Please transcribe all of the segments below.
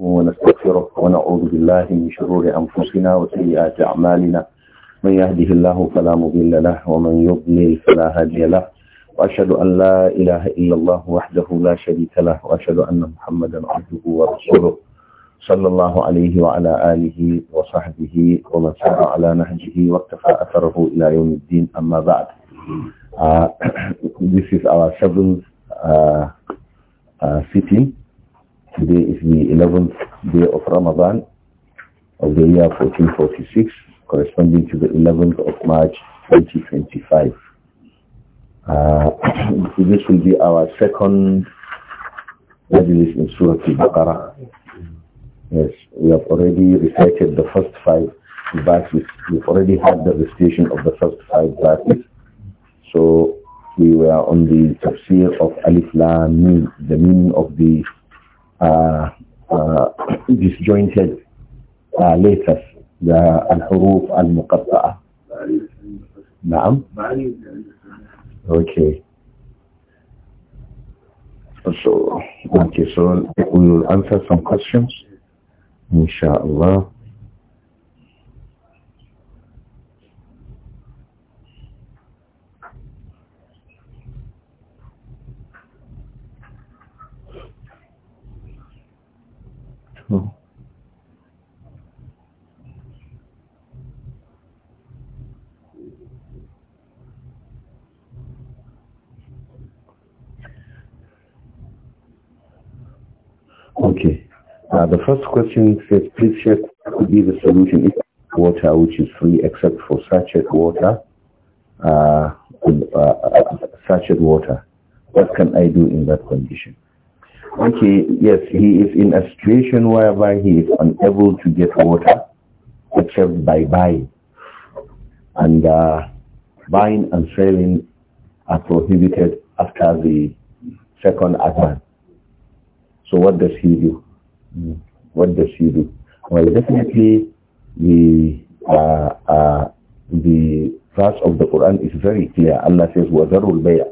ونستغفره ونعوذ بالله من شرور أنفسنا وسيئات أعمالنا من يهده الله فلا مضل له ومن يضلل فلا هادي له وأشهد أن لا إله إلا الله وحده لا شريك له وأشهد أن محمدا عبده ورسوله صلى الله عليه وعلى آله وصحبه ومن سار على نهجه واقتفى أثره إلى يوم الدين أما بعد uh, This is our seventh uh, uh, sitting Today is the 11th day of Ramadan of the year 1446, corresponding to the 11th of March 2025. Uh, this will be our second Majlis in Surah Al-Baqarah. Yes, we have already recited the first five verses. We've already had the recitation of the first five verses. So we were on the tafsir of Alif Lam Mim, the meaning of the uh, uh, disjointed uh, letters, the al-huruf al-muqatta'a. Naam? Okay. So, okay, so we will answer some questions, inshallah. Okay. Uh, the first question says, please check to be the solution if water which is free except for sachet water, uh, uh, uh sachet water. What can I do in that condition? Okay, yes, he is in a situation whereby he is unable to get water except by buying. And uh, buying and selling are prohibited after the second advent. So what does he do? Hmm. What does he do? Well, definitely the uh, uh, the verse of the Quran is very clear. Allah says, وَذَرُوا الْبَيْعَ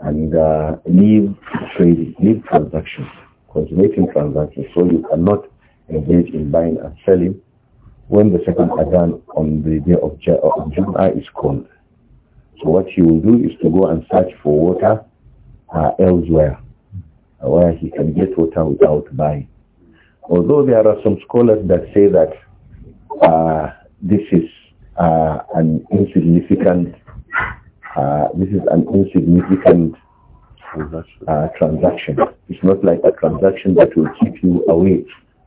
and uh, leave trading, leave transactions, consummating transactions. So you cannot engage in buying and selling when the second Adhan on the day of, June of is called. So what he will do is to go and search for water uh, elsewhere where he can get water without buying. Although there are some scholars that say that uh, this is uh, an insignificant uh, this is an insignificant uh, transaction. It's not like a transaction that will keep you away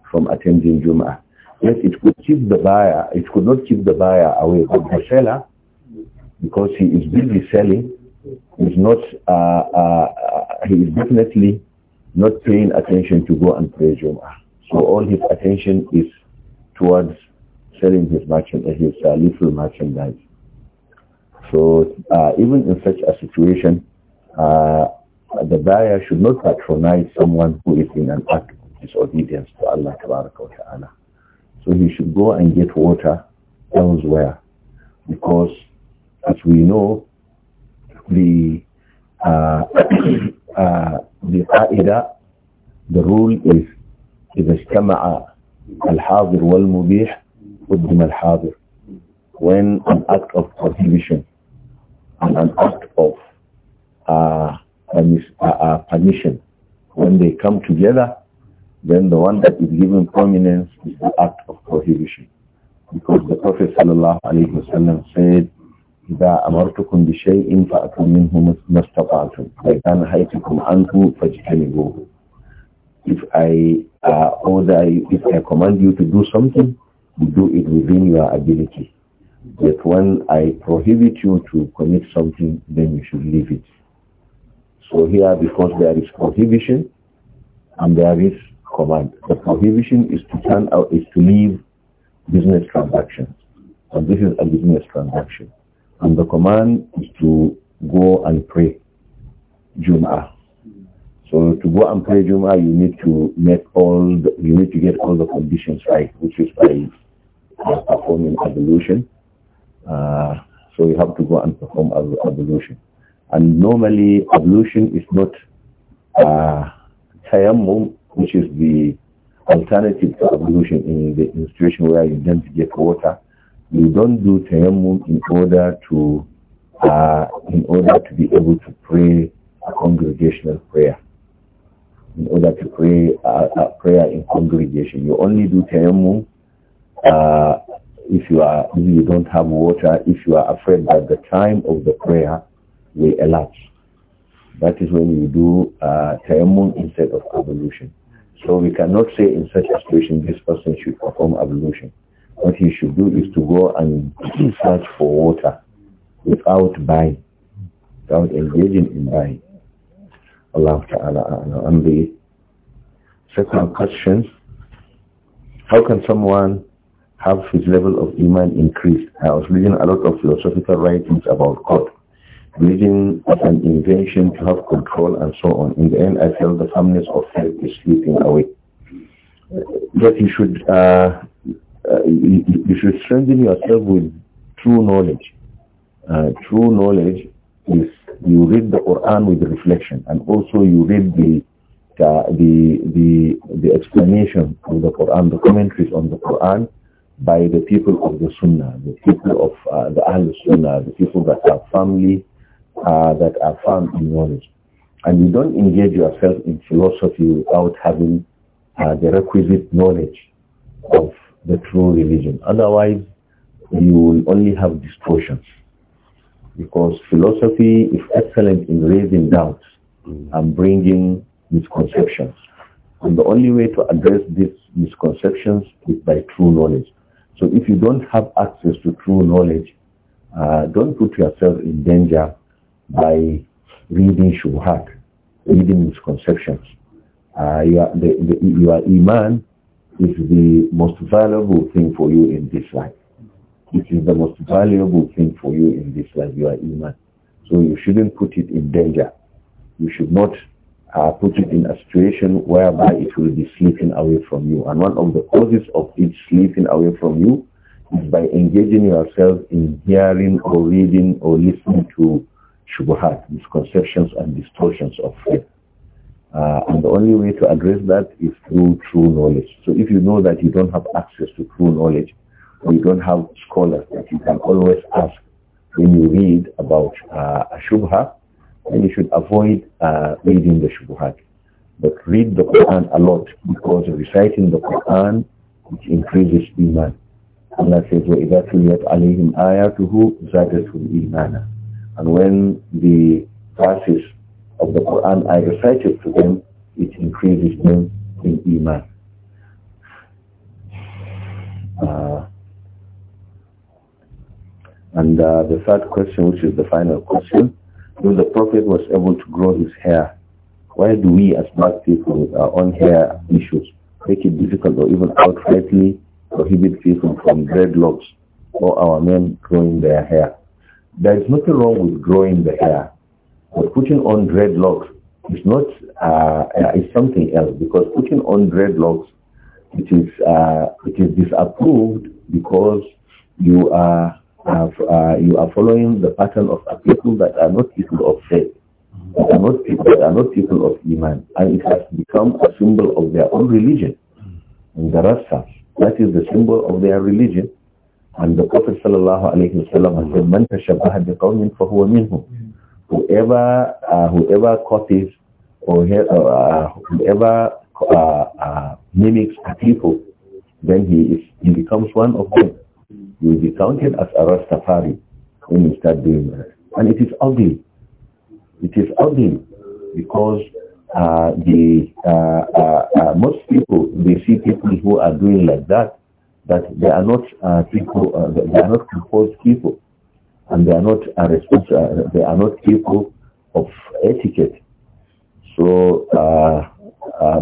from attending Juma. Yes, it could keep the buyer, it could not keep the buyer away, but the seller, because he is busy selling, is not, uh, uh he is definitely not paying attention to go and pray Juma. So all his attention is towards selling his merchandise, his uh, little merchandise. So uh, even in such a situation, uh, the buyer should not patronize someone who is in an act of disobedience to Allah Ta'ala. So he should go and get water elsewhere because as we know, the uh, uh, the qaida, the rule is إذا اجتمع الحاضر والمبيح قدم الحاضر when an act of prohibition and an act of uh, uh, uh, permission. When they come together, then the one that is given prominence is the act of prohibition. Because the Prophet ﷺ said, إذا أمرتكم بشيء منه If I uh, order, if I command you to do something, you do it within your ability that when I prohibit you to commit something, then you should leave it. So here, because there is prohibition and there is command. The prohibition is to turn out, is to leave business transactions. And this is a business transaction. And the command is to go and pray Jum'ah. So to go and pray Jum'ah, you need to make all, the, you need to get all the conditions right, which is by performing ablution uh, so you have to go and perform ablution. And normally ablution is not uh, tayammum, which is the alternative to ablution in the in situation where you don't get water. You don't do tayammum in order to uh, in order to be able to pray a congregational prayer. In order to pray a, a prayer in congregation, you only do tayammum uh, if you are if you don't have water, if you are afraid that the time of the prayer will elapse. That is when you do uh, tayammum instead of ablution. So we cannot say in such a situation this person should perform ablution. What he should do is to go and search for water without buying, without engaging in buying. Allah Ta'ala. And the second question, how can someone have his level of iman increased. I was reading a lot of philosophical writings about God, reading as an invention to have control and so on. In the end, I felt the firmness of faith is slipping away. That you should uh, uh, you, should strengthen yourself with true knowledge. Uh, true knowledge is you read the Quran with reflection, and also you read the the the the, the explanation of the Quran, the commentaries on the Quran by the people of the Sunnah, the people of uh, the Ahl Sunnah, the people that are family, uh, that are firm in knowledge. And you don't engage yourself in philosophy without having uh, the requisite knowledge of the true religion. Otherwise, you will only have distortions. Because philosophy is excellent in raising doubts and bringing misconceptions. And the only way to address these misconceptions is by true knowledge. So if you don't have access to true knowledge, uh, don't put yourself in danger by reading shuhat, reading misconceptions. Uh, your, the, the, your iman is the most valuable thing for you in this life. It is the most valuable thing for you in this life, your iman. So you shouldn't put it in danger. You should not uh, put it in a situation whereby it will be slipping away from you. And one of the causes of it slipping away from you is by engaging yourself in hearing or reading or listening to shubha, misconceptions and distortions of faith. Uh, and the only way to address that is through true knowledge. So if you know that you don't have access to true knowledge, or you don't have scholars that you can always ask when you read about uh, a shubha, and you should avoid uh, reading the Shubuhat. But read the Quran a lot because reciting the Quran which increases Iman. Allah says, وَإِذَا تُلِيَتْ عَلَيْهِمْ آيَاتُهُ زَادَتْهُمْ إِيمَانًا And when the verses of the Quran are recited to them, it increases them in Iman. Uh, and uh, the third question, which is the final question, if the Prophet was able to grow his hair, why do we as black people with our own hair issues make it difficult or even outrightly prohibit people from dreadlocks or our men growing their hair? There is nothing wrong with growing the hair, but putting on dreadlocks is not, uh, uh is something else because putting on dreadlocks, it is, uh, it is disapproved because you are have, uh, you are following the pattern of people that are not people of faith, that are not people, are not people of Iman, and it has become a symbol of their own religion. And the Rasa, that is the symbol of their religion. And the Prophet sallallahu alayhi Wasallam has said, مَنْ تَشَبَّهَ بِقَوْمٍ فَهُوَ مِنْهُمْ Whoever, uh, whoever copies or uh, whoever uh, uh, mimics a people, then he, is, he becomes one of them you will be counted as a Rastafari when you start doing that. And it is ugly. It is ugly because uh, the uh, uh, uh most people they see people who are doing like that that they are not uh, people uh, they are not composed people and they are not they are not people of etiquette. So,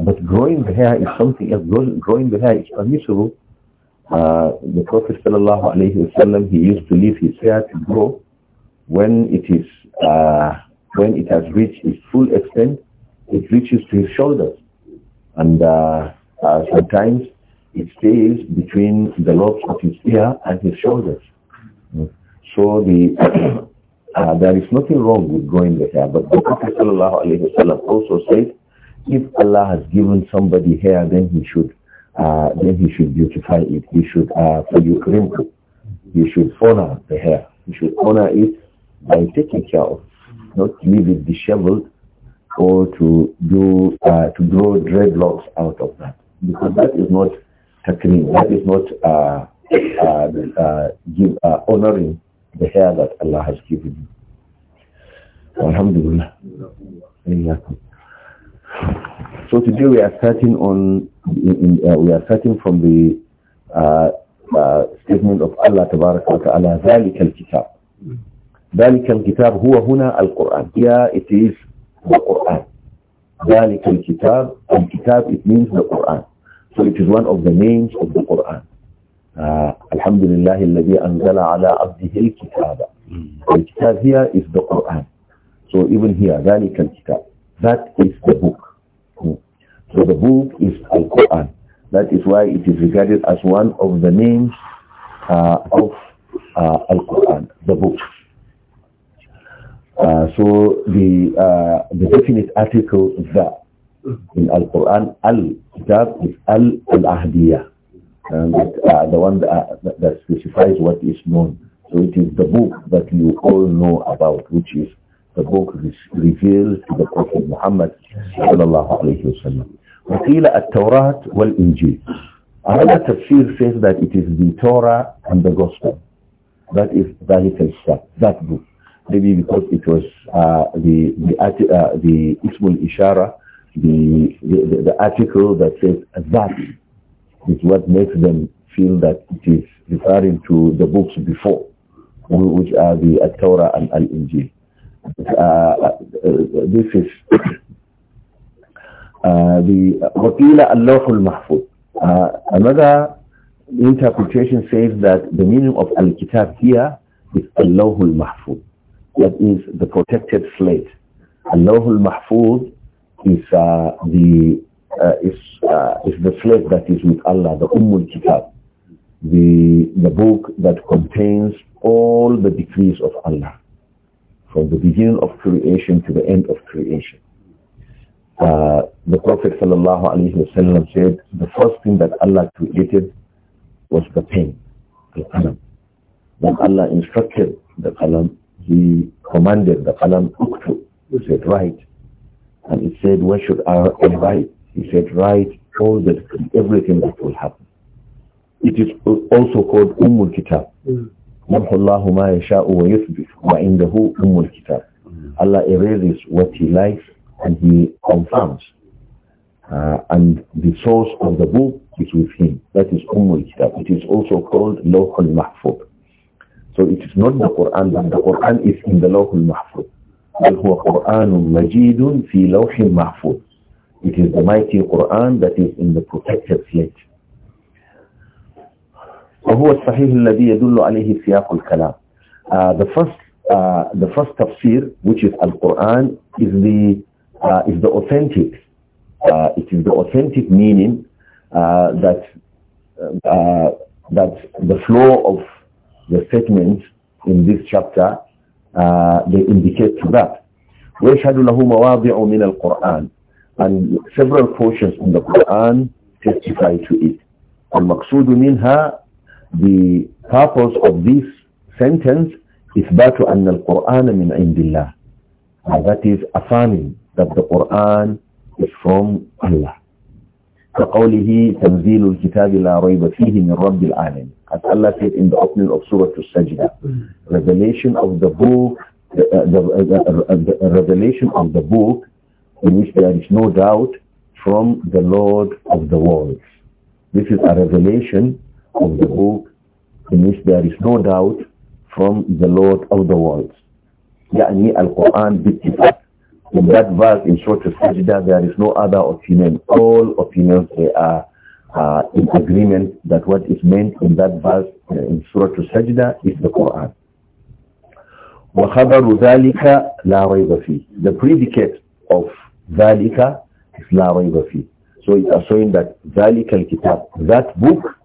but growing the hair is something else. Growing the hair is permissible uh, the Prophet sallallahu alaihi wasallam he used to leave his hair to grow when it is uh, when it has reached its full extent, it reaches to his shoulders, and uh, uh sometimes it stays between the lobes of his ear and his shoulders. So the uh, there is nothing wrong with growing the hair, but the Prophet sallallahu alaihi wasallam also said, if Allah has given somebody hair, then he should uh, then he should beautify it. He should, uh, for you, wrinkle. He should honor the hair. He should honor it by taking care of, not leave it disheveled or to do uh, to grow dreadlocks out of that, because that is not takrim. That is not uh, uh, uh give, uh, honoring the hair that Allah has given you. Alhamdulillah. So today we are starting on in, in, uh, we are starting from the uh, uh, statement of Allah Tabaraka wa Taala ذلك الكتاب ذلك الكتاب هو هنا القرآن Yeah, it is the Quran ذلك الكتاب الكتاب it means the Quran so it is one of the names of the Quran الحمد uh, لله الذي أنزل على عبده الكتاب الكتاب here is the Quran so even here ذلك الكتاب that is the book so the book is Al-Quran. That is why it is regarded as one of the names uh, of uh, Al-Quran, the book. Uh, so the uh, the definite article the in Al-Quran, Al-Kitab is Al-Ahdiyah. uh, the one that, uh, that, specifies what is known. So it is the book that you all know about, which is the book revealed to the Prophet Muhammad sallallahu alayhi wa sallam. وقيل التوراة Injil." Another tafsir says that it is the Torah and the Gospel. That is Zahif al-Shah, that book. Maybe because it was uh, the, the, uh, the Ismul Ishara, the, the, the article that says that is what makes them feel that it is referring to the books before, which are the Torah and Al-Injil. Uh, this is uh, the Waqila Allahul Mahfud. Uh, another interpretation says that the meaning of Al-Kitab here is Allahul Mahfud. That is the protected slate. Allahul Mahfud is uh, the uh, is uh, is the slate that is with Allah, the Ummul Kitab, the the book that contains all the decrees of Allah from the beginning of creation to the end of creation. Uh, the Prophet ﷺ said, the first thing that Allah created was the pen, the qalam. When Allah instructed the qalam, He commanded the qalam, uktu. He said, write. And he said, where should I write? He said, write all that, everything that will happen. It is also called umul Kitab. Mm. Yamhullahu ma yasha'u wa yuthbit wa indahu ummul kitab. Allah erases what he likes and he confirms. Uh, and the source of the book is with him. That is Ummul Kitab. It is also called Lawh mahfud So it is not the Quran, but the Quran is in the Lawh mahfud بل هو قرآن مجيد في لوح محفوظ. It is the mighty Quran that is in the protected slate. وهو الصحيح الذي يدل عليه سياق الكلام. Uh, the first uh, the first tafsir, which is Al-Quran, is the uh, is the authentic. Uh, it is the authentic meaning uh, that uh, that the flow of the statements in this chapter uh, they indicate to that. وَيَشْهَدُ لَهُ مَوَاضِعُ مِنَ الْقُرْآنِ And several portions in the Quran testify to it. المقصود منها the purpose of this sentence is batu an al-Qur'an min indillah. That is affirming that the Qur'an is from Allah. كقوله تنزيل الكتاب لا ريب فيه من رب العالمين. As Allah said in the opening of Surah al sajdah revelation of the book, uh, the, uh, the, uh, the revelation of the book in which there is no doubt from the Lord of the worlds. This is a revelation of the book in which there is no doubt from the Lord of the worlds. يعني القرآن باتفاق. In that verse in Surah Sajda there is no other opinion. All opinions they are uh, in agreement that what is meant in that verse uh, in Surah Sajda is the Quran. وخبر ذلك لا ريب فيه. The predicate of ذلك is لا ريب فيه. So it is showing that ذلك الكتاب, that book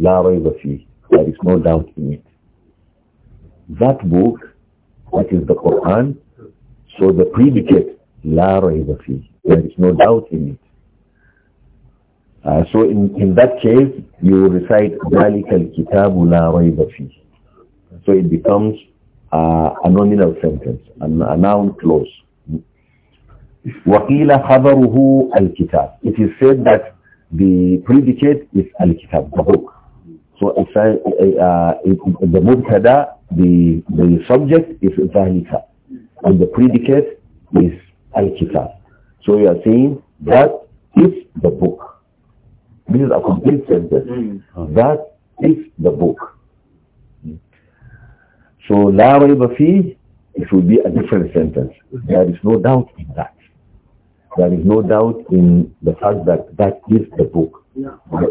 La Rayba Fi. There is no doubt in it. That book, that is the Quran, so the predicate, La Rayba Fi. There is no doubt in it. Uh, so in, in that case, you recite ذَلِكَ الْكِتَابُ لَا رَيْبَ Fi. So it becomes uh, a nominal sentence, a, a noun clause. وَقِيلَ خَبَرُهُ الْكِتَابُ It is said that the predicate is al-kitab, the book. So if I, uh, the mubtada, the, the subject is dhalika, and the predicate is al-kitab. So we are saying that is the book. This is a complete sentence. Mm. That is the book. So la rayba fi, it will be a different sentence. There is no doubt in that. There is no doubt in the fact that that is the book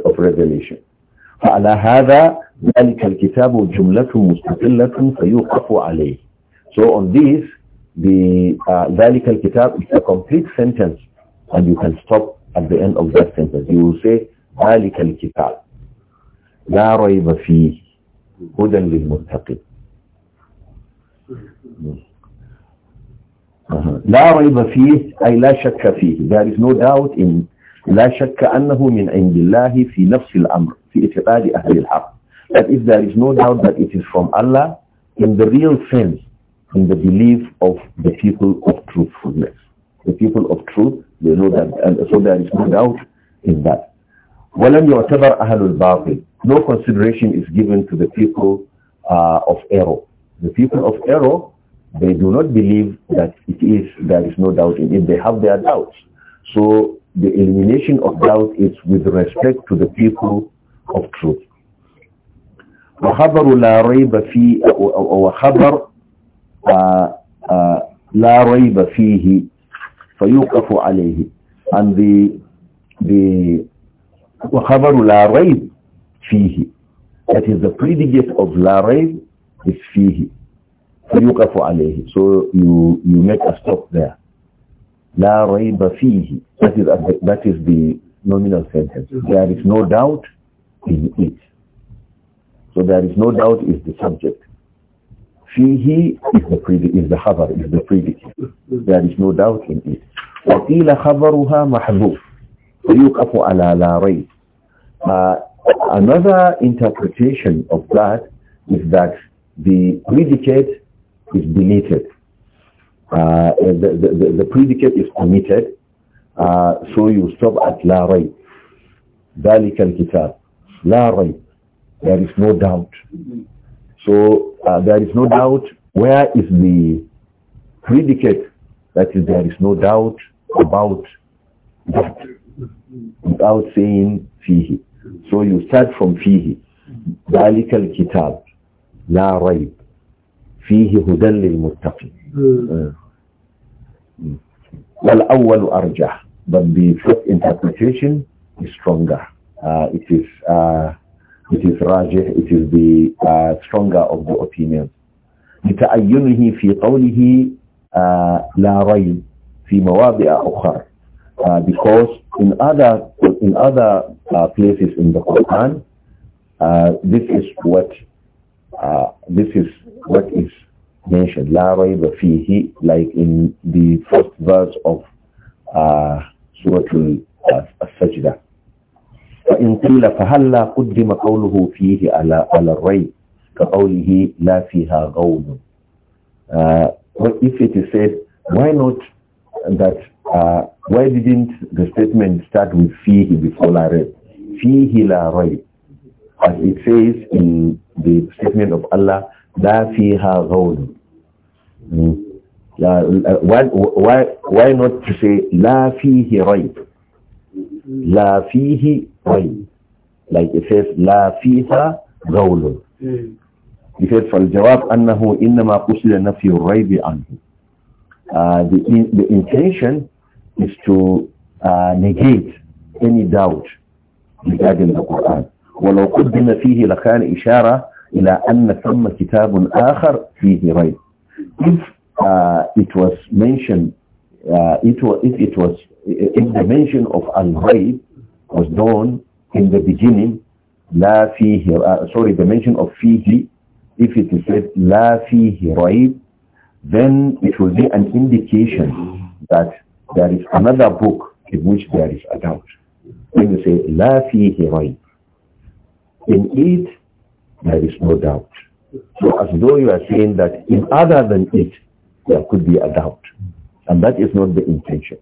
of Revelation. فعلى هذا ذلك الكتاب جملة مستقلة فيوقف عليه. So on this, the uh, ذلك الكتاب is a complete sentence and you can stop at the end of that sentence. You will say ذلك الكتاب لا ريب فيه هدى للمتقين. Uh-huh. لا ريب فيه أي لا شك فيه there is no doubt in لا شك أنه من عند الله في نفس الأمر في إعتقاد أهل الحق that if there is no doubt that it is from Allah in the real sense in the belief of the people of truthfulness the people of truth they know that and so there is no doubt in that ولم يعتبر أهل الباطل no consideration is given to the people uh, of error the people of error they do not believe that it is there is no doubt in it they have their doubts so the elimination of doubt is with respect to the people of truth. وخبر لا ريب في وخبر لا ريب فيه فيوقف عليه and the the وخبر لا ريب فيه that is the predicate of لا ريب is فيه فيوقف عليه so you you make a stop there لا ريب فيه that is that is the nominal sentence there is no doubt in it. So there is no doubt is the subject. Fihi is the predicate, is the khabar, is the predicate. There is no doubt in it. وَقِيلَ خَبَرُهَا مَحْذُوفٌ فَيُقَفُ عَلَى لَا uh, Another interpretation of that is that the predicate is deleted. Uh, the, the, the, predicate is omitted, uh, so you stop at la رَيْب ذَلِكَ الْكِتَابِ La rayb. There is no doubt. So uh, there is no doubt. Where is the predicate? That is, there is no doubt about that without saying fihi. So you start from fihi. ذلك الكتاب لا ريب فيه هدى للمتقين. Mm. والأول أرجح but the first interpretation is stronger. Uh, it is uh, it is rajih, it is the uh, stronger of the opinions. لتعينه في قوله لا ريب في مواضع أخرى because in other in other uh, places in the Quran, uh, this is what this is what is mentioned. like in the first verse of Surah Al-Sajdah uh, if it is said why not that uh, why didn't the statement start with فيه before لا ري فيه لا ray? as it says in the statement of Allah لا فيها غول mm. uh, why, why, why not to say لا فيه ريب la فيه rain. Like it says, la فيها غول. It says, فالجواب أنه إنما قصد نفي الريب عنه. Uh, the, the intention is to uh, negate any doubt regarding the Quran. ولو قدم فيه لكان إشارة إلى أن ثم كتاب آخر فيه ريب. If uh, it was mentioned uh, it was, if it was, if the mention of al rai was done in the beginning, la fihi, uh, sorry, the mention of fihi, if it is said la fihi raib, then it will be an indication that there is another book in which there is a doubt. When you say la fihi raib, in it there is no doubt. So as though you are saying that in other than it, there could be a doubt. And that is not the intention.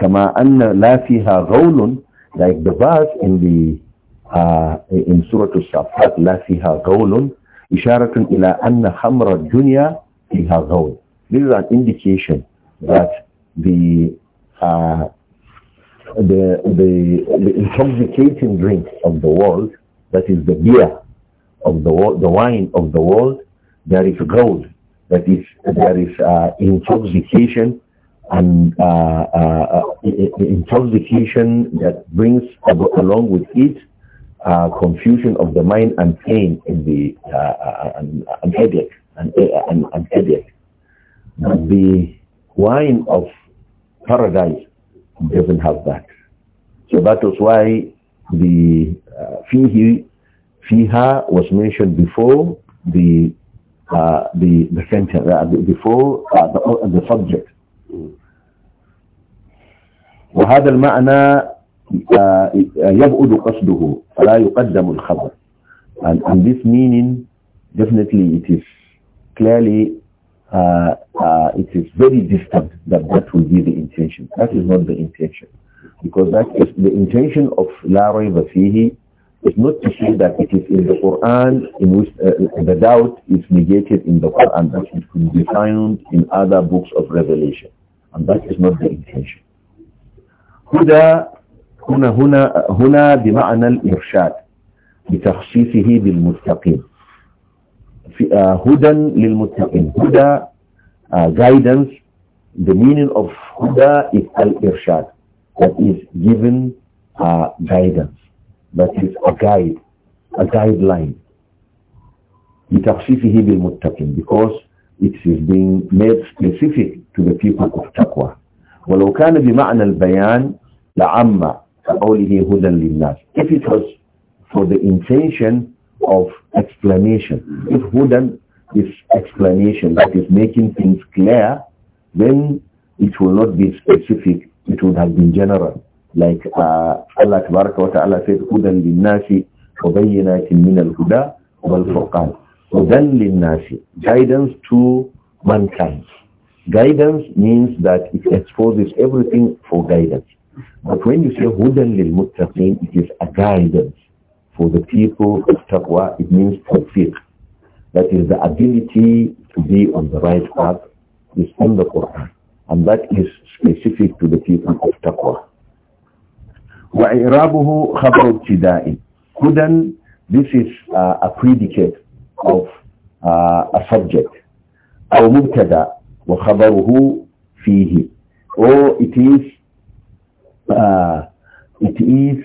كما أن لا فيها ghawlun, like the verse in the, uh, in Surah Al-Safat, لا فيها ghawlun, إشارة إلى anna hamra الدنيا فيها غول This is an indication that the, uh, the, the, the intoxicating drink of the world, that is the beer of the world, the wine of the world, there is gold, that is, there is uh, intoxication and uh, uh, uh intoxication that brings along with it uh, confusion of the mind and pain in the uh, uh, and, and, headache and, headache. But the wine of paradise doesn't have that. So that was why the fihi fiha was mentioned before the the the sentence before the, the subject. Mm. وهذا المعنى يبعد قصده فلا يقدم الخبر and, and this meaning definitely it is clearly uh, uh, it is very distant that that will be the intention. That is not the intention. Because that is the intention of La Rayba Fihi is not to say that it is in the Quran in which uh, the doubt is negated in the Quran, that it could be found in other books of revelation. And that is not the intention. هدى هنا هنا هنا بمعنى الإرشاد بتخصيصه بالمتقين هدى للمتقين هدى uh, guidance the meaning of هدى is الارشاد that is given uh, guidance that is a guide a guideline بتخصيصه بالمتقين because it is being made specific to the people of taqwa ولو كان بمعنى البيان لَعَمَّ كَقَوْلِهِ hudan لِلنَّاسِ If it was for the intention of explanation, if hudan is explanation, that is making things clear, then it will not be specific, it would have been general. Like uh, Allah Tabaraka wa Ta'ala said, hudan linnasi وَبَيِّنَاتٍ huda wal-Furqan. Hudan linnasi, guidance to mankind. Guidance means that it exposes everything for guidance. But when you say hudan lil muttaqin, it is a guidance for the people of taqwa. It means tawfiq. That is the ability to be on the right path is in the Quran. And that is specific to the people of taqwa. وَإِرَابُهُ خَبْرُ ابْتِدَاءٍ Hudan, this is uh, a predicate of uh, a subject. أو مبتدا وخبره فيه. Or oh, it is uh, it is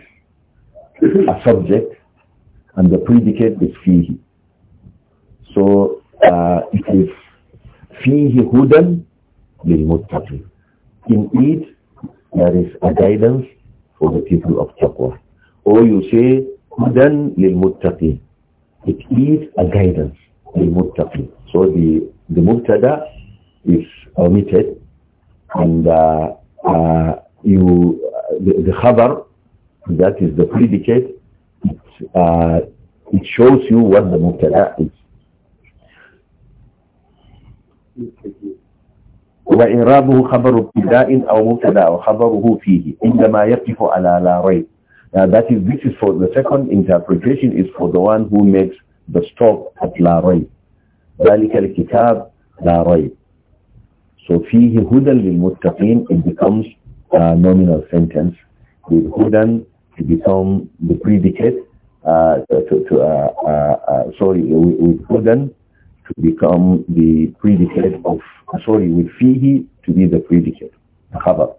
a subject and the predicate is fihi. So uh, it is fihi hudan lil muttaqin. In it there is a guidance for the people of taqwa. Or you say hudan lil muttaqin. It is a guidance lil muttaqin. So the the muttada is omitted and uh, uh, you, uh, the, the khabar, that is the predicate, it, uh, it shows you what the mubtada is. وإعرابه خبر ابتداء أو مبتدا وخبره فيه عندما يقف على لا ريب. Now that is, this is for the second interpretation is for the one who makes the stop at لا ريب. ذلك الكتاب لا ريب. So فيه هدى للمتقين it becomes uh, nominal sentence with hudan to become the predicate, uh, to, to, uh, uh, uh, sorry, with hudan to become the predicate of, uh, sorry, with fihi to be the predicate, khabar.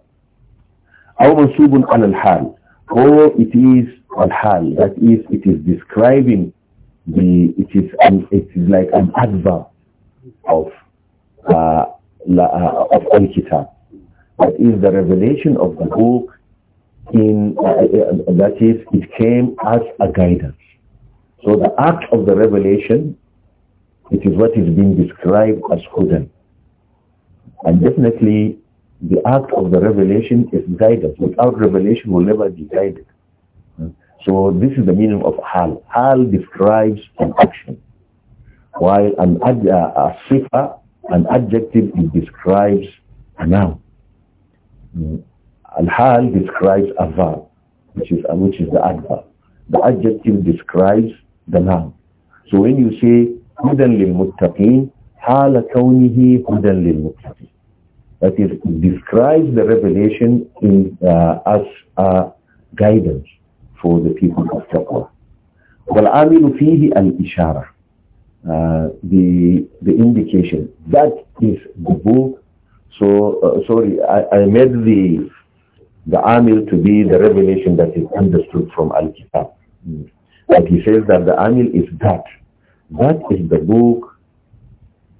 أو منصوب على الحال or it is al-hal, that is, it is describing the, it is, an, it is like an adverb of, uh, la, uh, of al-kitab. That is the revelation of the book in, uh, uh, uh, that is, it came as a guidance. So the act of the revelation, it is what is being described as hidden And definitely the act of the revelation is guidance. Without revelation will never be guided. So this is the meaning of hal. Hal describes an action. While an ad, uh, a sifa, an adjective, it describes a noun. Al-Hal describes a which is, which is the adverb. The adjective describes the noun. So when you say, هُدًى لِلْمُتَّقِينَ حَالَ كَوْنِهِ هُدًى لِلْمُتَّقِينَ That is, describes the revelation in, uh, as a guidance for the people of Taqwa. وَالْعَامِلُ فِيهِ الْإِشَارَةِ uh, the the indication that is the book so, uh, sorry, I, I, made the the Amil to be the revelation that is understood from Al-Kitab. Hmm. But he says that the Amil is that. That is the book.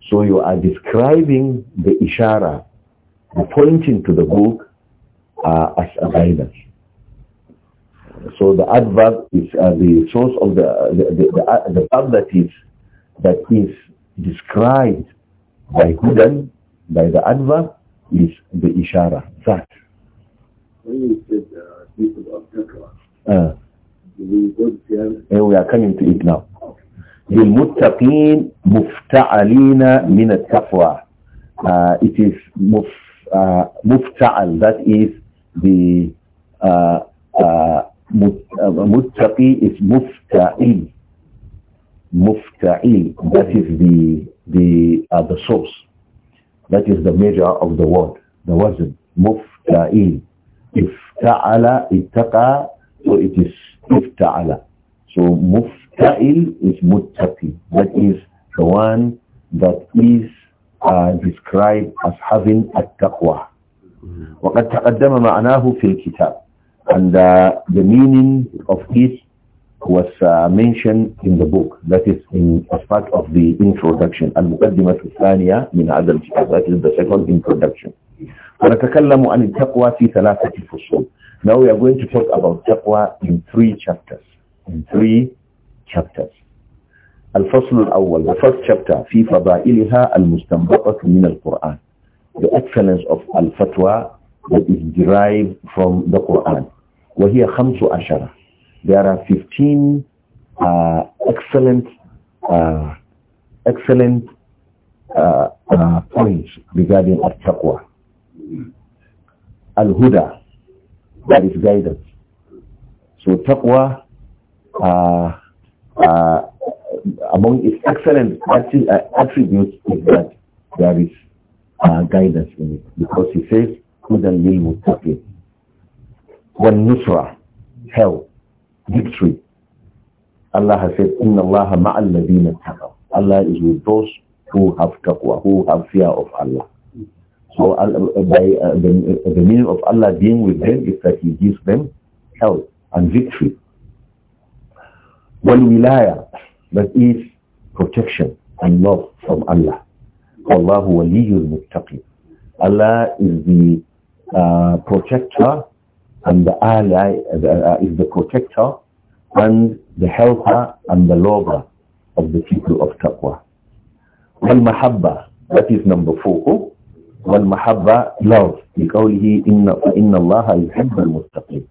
So you are describing the Ishara, the pointing to the book uh, as a guidance. So the adverb is uh, the source of the the, the, the, uh, the verb that is that is described by Hudan by the adverb is the ishara, that. When you said uh, people of taqwa, uh, we, and eh, we are coming to it now. The مفتعلين من التقوى uh, it is muf, uh, mufta'al that is the uh, uh, mut, uh, is mufta'il mufta'il that is the the uh, the source that is the measure of the word. The word is If Ifta'ala, ittaqa, so it is ifta'ala. So mufta'il is muttaqi. That is the one that is uh, described as having a taqwa وقد تقدم معناه في الكتاب and uh, the meaning of it was uh, mentioned in the book. That is in, as part of the introduction. المقدمة That is the second introduction. Now we are going to talk about taqwa in three chapters. In three chapters. الفصل الأول, the first chapter في فضائلها المستنبطة من القرآن. The excellence of al-fatwa is derived from the Quran. وهي خمس there are 15 uh, excellent uh, excellent uh, uh, points regarding at-taqwa. Al-huda, that is guidance. So taqwa, uh, uh, among its excellent attributes is that there is guidance in it. Because he says, hudan lil muttaqin. Wal nusra, help victory. Allah has said, Inna Allah ma'al ladina taqaw. Allah is with those who have taqwa, who have fear of Allah. So uh, uh, by uh, the, the meaning of Allah being with them is that He gives them help and victory. Wal-wilaya, that is protection and love from Allah. Allahu waliyul muttaqin. Allah is the protector and the ally uh, uh, uh, is the protector and the helper and the lover of the people of taqwa. والمحبة that is number four والمحبة love لقوله إن فإن الله يحب المتقين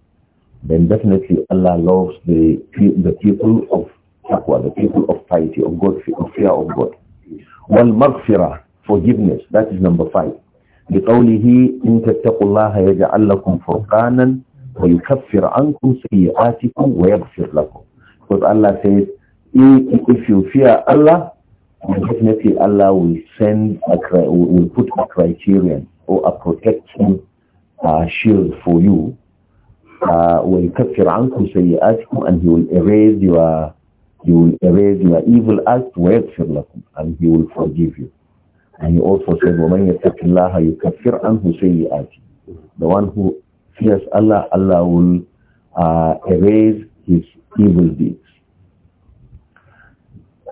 then definitely Allah loves the the people of taqwa the people of piety of God of fear of God والمغفرة forgiveness that is number five بقوله إن تتقوا الله يجعل لكم فرقانا ويكفر عنكم سيئاتكم ويغفر لكم because Allah says if you fear Allah definitely Allah will send a will put a criterion or a protection uh, shield for you uh, ويكفر عنكم سيئاتكم and he will erase your he will erase your evil acts ويغفر لكم and he will forgive you And he also said, وَمَنْ يَتَّقِ اللَّهَ يُكَفِّرْ عَنْهُ سَيِّئَاتِ The one who fears Allah, Allah will uh, erase his evil deeds.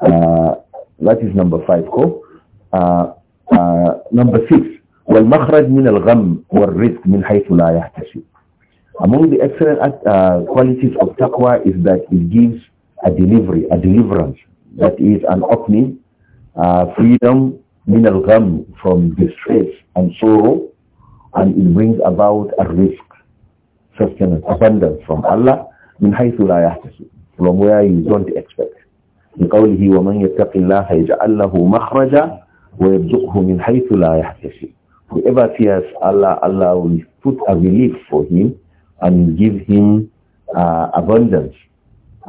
Uh, that is number five. Ko. Uh, uh, number six, وَالْمَخْرَجْ مِنَ الْغَمْ وَالرِّزْقِ مِنْ حَيْثُ لَا يَحْتَسِبُ Among the excellent uh, qualities of taqwa is that it gives a delivery, a deliverance. That is an opening, uh, freedom, min al from distress and sorrow, and it brings about a risk, sustenance, abundance from Allah, min haythu la from where you don't expect. لقوله ومن يتق الله يجعل له مخرجا ويرزقه من حيث لا يحتسب. Whoever fears Allah, Allah will put a relief for him and give him uh, abundance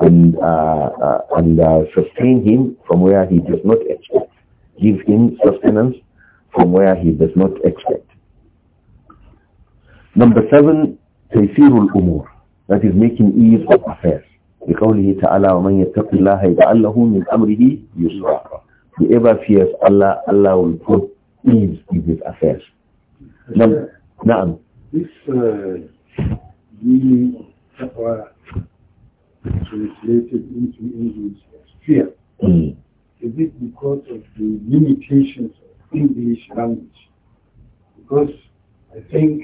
and uh, uh, and uh, sustain him from where he does not expect. give him sustenance from where he does not expect. Number seven, تيسير الأمور. That is making ease of affairs. بقوله تعالى ومن يتق الله يجعل له من أمره يسرا. Whoever fears Allah, Allah will put ease in his affairs. Number, نعم. This really taqwa translated into English as fear. Is it because of the limitations of English language? Because I think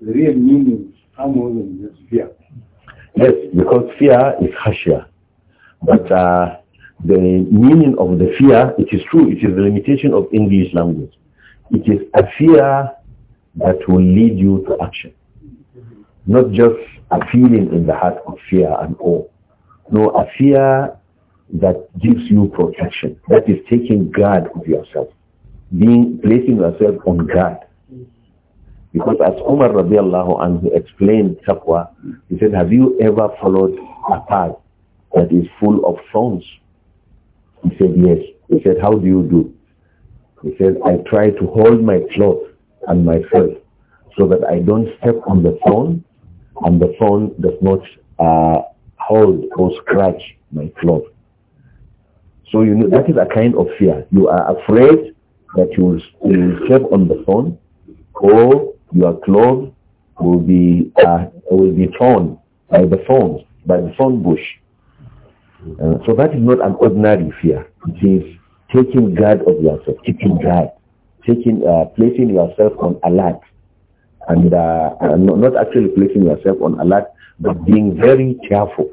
the real meaning are more than just fear. Yes, because fear is harsher. But uh, the meaning of the fear, it is true, it is the limitation of English language. It is a fear that will lead you to action. Not just a feeling in the heart of fear and awe. No, a fear that gives you protection. That is taking guard of yourself, being placing yourself on guard. Because as Umar radiallahu anhu explained taqwa, he said, have you ever followed a path that is full of thorns? He said, yes. He said, how do you do? He said, I try to hold my cloth and myself so that I don't step on the thorn and the thorn does not uh, hold or scratch my cloth. So you know, that is a kind of fear. You are afraid that you will, you will step on the phone or your clothes will be, uh, will be torn by the phone by the phone bush. Uh, so that is not an ordinary fear. It is taking guard of yourself, taking guard, taking, uh, placing yourself on alert, and uh, uh not actually placing yourself on alert, but being very careful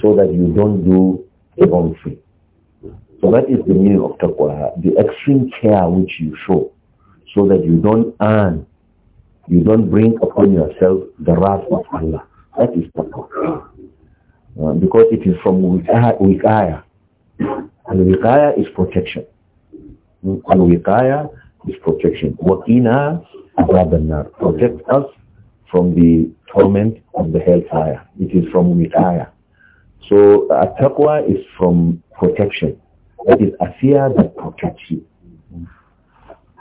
so that you don't do the wrong thing. So that is the meaning of taqwa, the extreme care which you show so that you don't earn, you don't bring upon yourself the wrath of Allah. That is taqwa. Uh, because it is from wiqaya. And wiqaya is protection. And wiqaya is protection. Waqina azabannar. Protect us from the torment of the hellfire. It is from wiqaya. So uh, taqwa is from protection. That is a fear that protects you.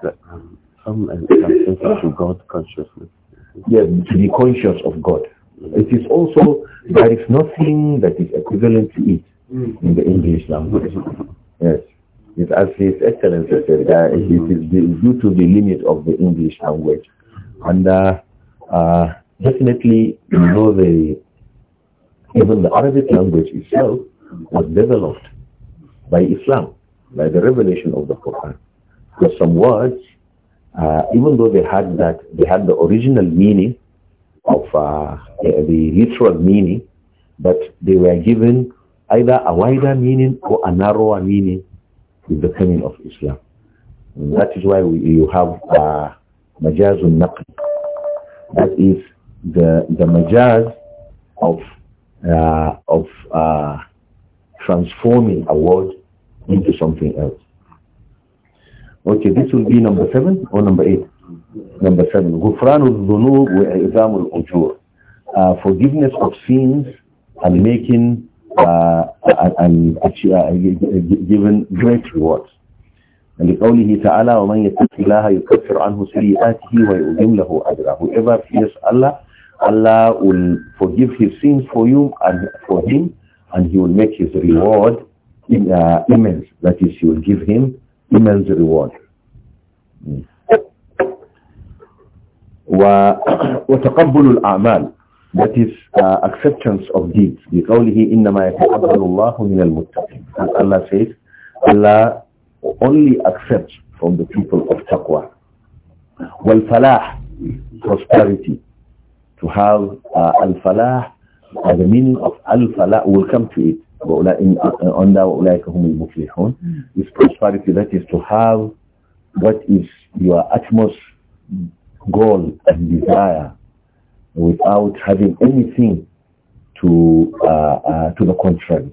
Um, some sensitive to God consciousness. Yes, to be conscious of God. Mm-hmm. It is also, there is nothing that is equivalent to it mm. in the English language. Yes. It, as His Excellency said, that uh, it is due to the limit of the English language. And uh, uh, definitely, you know, the, even the Arabic language itself was developed by Islam, by the revelation of the Quran. Because some words, uh, even though they had that, they had the original meaning of uh, the literal meaning, but they were given either a wider meaning or a narrower meaning with the coming of Islam. And that is why we, you have majazun uh, naql. That is the the majaz of uh, of uh, transforming a word into something else. Okay, this will be number seven or number eight? Number seven. dhunub wa izamul ujur. Uh, forgiveness of sins and making uh, and, uh, giving uh, given great rewards. And لقوله تعالى ومن يتق الله يكفر عنه سيئاته ويؤذم له أجره. Whoever fears Allah, Allah will forgive his sins for you and for him and he will make his reward in, uh, immense. That is, he will give him immense reward. Mm. وتقبل الأعمال that is uh, acceptance of deeds بقوله إنما يتقبل الله من المتقين and Allah says Allah only accepts from the people of taqwa والفلاح prosperity to have uh, al-falah by the meaning of al-fala will come to it uh, under وَأُولَٰئِكَ is prosperity, that is to have what is your utmost goal and desire without having anything to uh, uh, to the contrary.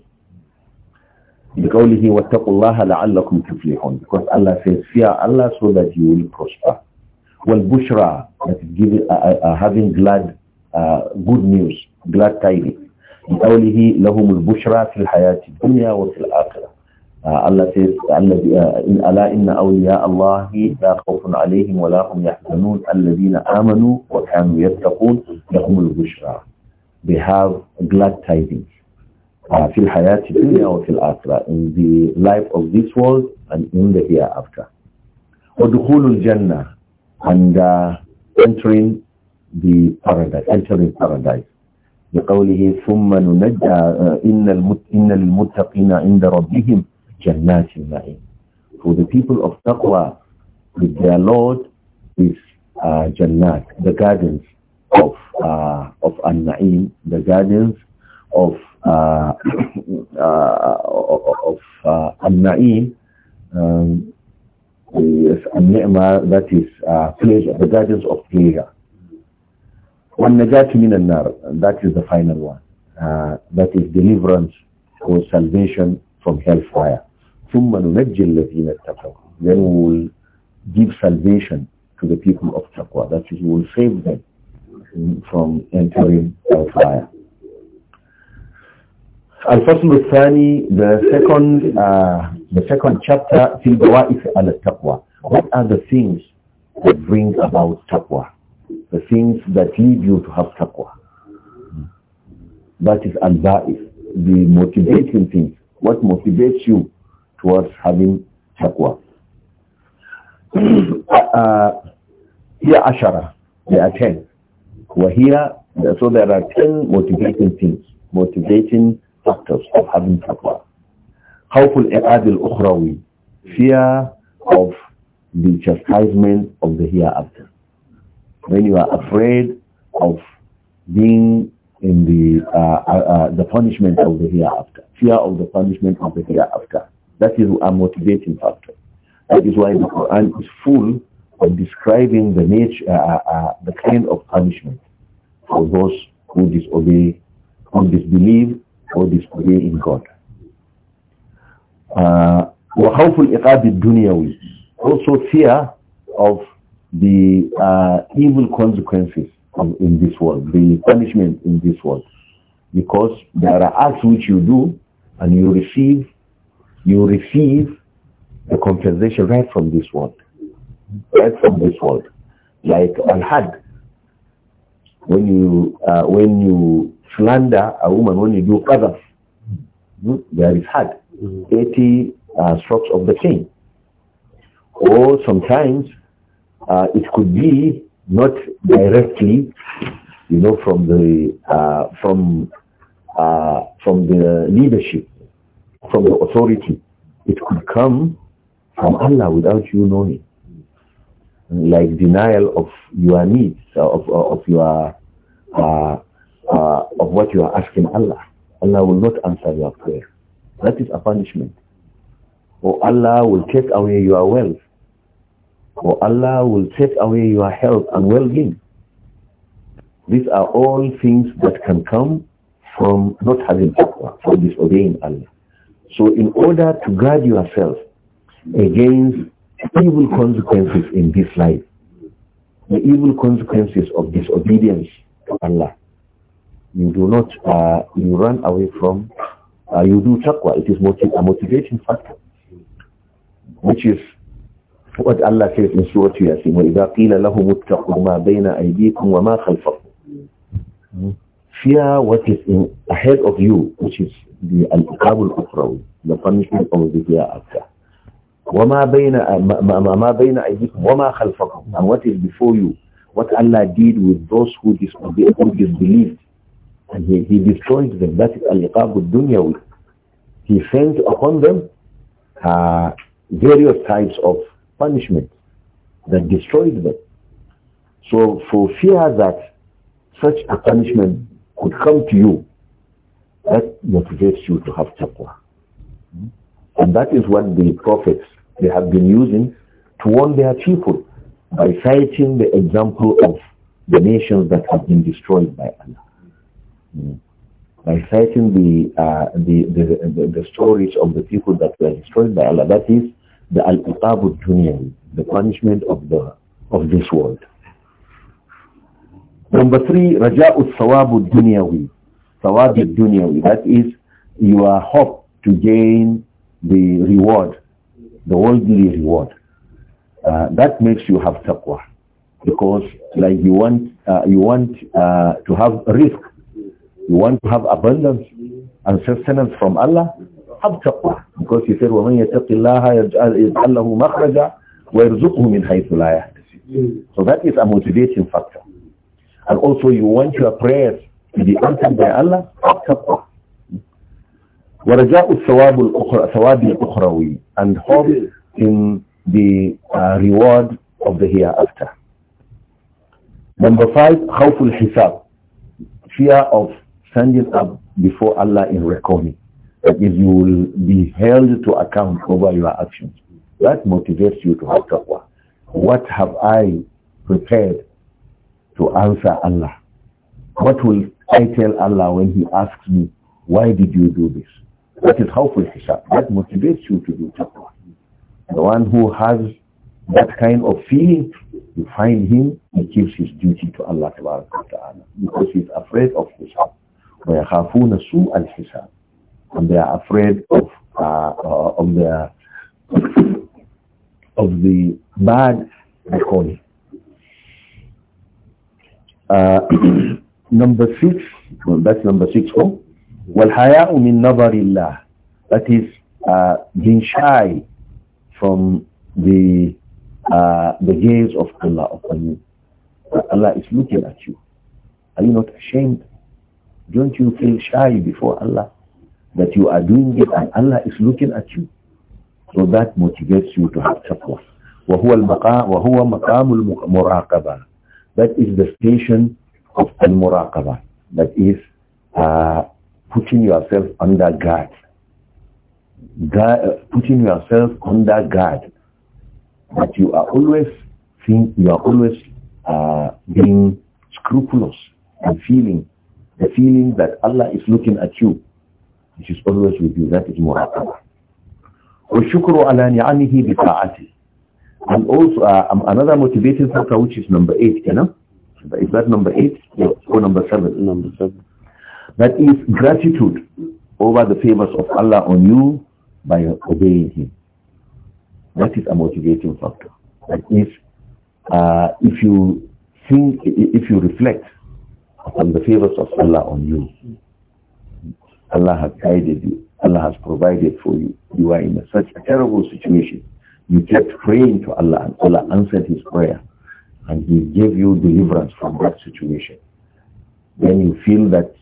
بقوله واتقوا الله لعلكم تفلحون because Allah says fear Allah so that you will prosper. Well, bushra that is giving, uh, uh, uh having glad good news glad تايدي بقوله لهم البشرى في الحياة الدنيا وفي الآخرة الله إن ألا إن أولياء الله لا خوف عليهم ولا هم يحزنون الذين آمنوا وكانوا يتقون لهم البشرى they have glad tidings uh, في الحياة الدنيا وفي الآخرة in the life of this world and in the hereafter ودخول الجنة and uh, entering the paradise entering paradise بقوله ثم ننجى إن, المت إن للمتقين عند ربهم جنات النعيم For the people of Taqwa with their Lord is uh, Jannat, the gardens of uh, of An-Na'im, the gardens of uh, uh, of uh, An-Na'im, um, yes, An-Ni'ma, that is uh, pleasure, the gardens of pleasure. وَالنَّجَاةُ مِنَ النَّارِ That is the final one. Uh, that is deliverance or salvation from hellfire. ثُمَّ نُنَجِّ الَّذِينَ اتَّقَوْا Then we will give salvation to the people of taqwa. That is, we will save them from entering hellfire. الفصل الثاني the second uh, the second chapter في البوائف على التقوى what are the things that bring about taqwa the things that lead you to have taqwa. That is al-ba'is, the motivating things. What motivates you towards having taqwa? Uh, uh, here ashara, there are ten. We're here, so there are ten motivating things, motivating factors of having taqwa. خوف العقاب الأخروي fear of the chastisement of the hereafter when you are afraid of being in the uh, uh, uh, the punishment of the hereafter, fear of the punishment of the hereafter. That is a motivating factor. That is why the Quran is full of describing the nature, uh, uh, uh the kind of punishment for those who disobey, who disbelieve, or disobey in God. وخوف also fear of the uh, evil consequences of, in this world, the punishment in this world. Because there are acts which you do and you receive, you receive the compensation right from this world. Right from this world. Like Al-Had, when you, uh, when you slander a woman, when you do others, hmm, there is had mm-hmm. 80 uh, strokes of the cane. Or sometimes uh, it could be not directly, you know, from the uh, from uh, from the leadership, from the authority. It could come from Allah without you knowing, like denial of your needs, uh, of uh, of your uh, of what you are asking Allah. Allah will not answer your prayer. That is a punishment. Or oh, Allah will take away your wealth for Allah will take away your health and well-being. These are all things that can come from not having taqwa, from disobeying Allah. So in order to guard yourself against evil consequences in this life, the evil consequences of disobedience to Allah, you do not, uh, you run away from, uh, you do taqwa. It is a motivating factor, which is وقد Allah sai in سورة ياسين وإذا قيل له lahum ما بين أيديكم وما خلفكم fear what is in ahead of you which is the al-iqab al-ukhrawi the punishment of the hereafter wa وما بين ما, ما, بين أيديكم وما خلفكم and what is before you what Allah did with those who disobeyed who disbelieved and he, he destroyed them that is al-iqab al-dunyawi he sent upon them uh, various types of punishment that destroyed them. So for fear that such a punishment could come to you, that motivates you to have taqwa. And that is what the prophets, they have been using to warn their people by citing the example of the nations that have been destroyed by Allah. Hmm. By citing the, uh, the, the, the, the stories of the people that were destroyed by Allah, that is the al-iqab dunyawi the punishment of the of this world number 3 raja'u sawabu dunyawi sawabu dunyawi that is your hope to gain the reward the worldly reward uh, that makes you have taqwa because like you want uh, you want uh, to have risk you want to have abundance and sustenance from Allah of Because he said, وَمَنْ يَتَقِ اللَّهَ يَجْعَلْ لَهُ مَخْرَجًا وَيَرْزُقْهُ مِنْ حَيْثُ لَا يَحْتَسِبُ So that is a motivating factor. And also you want your prayers to be answered by Allah of ورجاء الثواب الأخرى ثواب الأخروي and hope in the uh, reward of the hereafter. Number five, خوف الحساب fear of standing up before Allah in reckoning. That is, you will be held to account over your actions. That motivates you to have taqwa. What have I prepared to answer Allah? What will I tell Allah when He asks me, why did you do this? That is how hisab. That motivates you to do taqwa. The one who has that kind of feeling, you find him, he keeps his duty to Allah ta'ala because he's afraid of hisab. وَيَخَافُونَ سُوءَ الْحِسَابِ and they are afraid of uh, uh of the of the bad recording. Uh, number six, that's number six. Oh, والحياء من نظر الله. That is uh, being shy from the uh, the gaze of Allah upon you. Allah is looking at you. Are you not ashamed? Don't you feel shy before Allah? that you are doing it and Allah is looking at you. So that motivates you to have taqwa. وهو مقام المراقبة. That is the station of al-muraqabah. That is uh, putting yourself under guard. guard uh, putting yourself under guard. That you are always think you are always uh, being scrupulous and feeling the feeling that Allah is looking at you which is always with you. That is more important. عَلَى نِعَمِهِ بِطَاعَتِهِ And also uh, um, another motivating factor which is number eight, you know? Is that number eight? Or number seven? Number seven. That is gratitude over the favors of Allah on you by obeying Him. That is a motivating factor. That is, uh, if you think, if you reflect on the favors of Allah on you, Allah has guided you. Allah has provided for you. You are in a such a terrible situation. You kept praying to Allah and Allah answered his prayer and he gave you deliverance from that situation. Then you feel that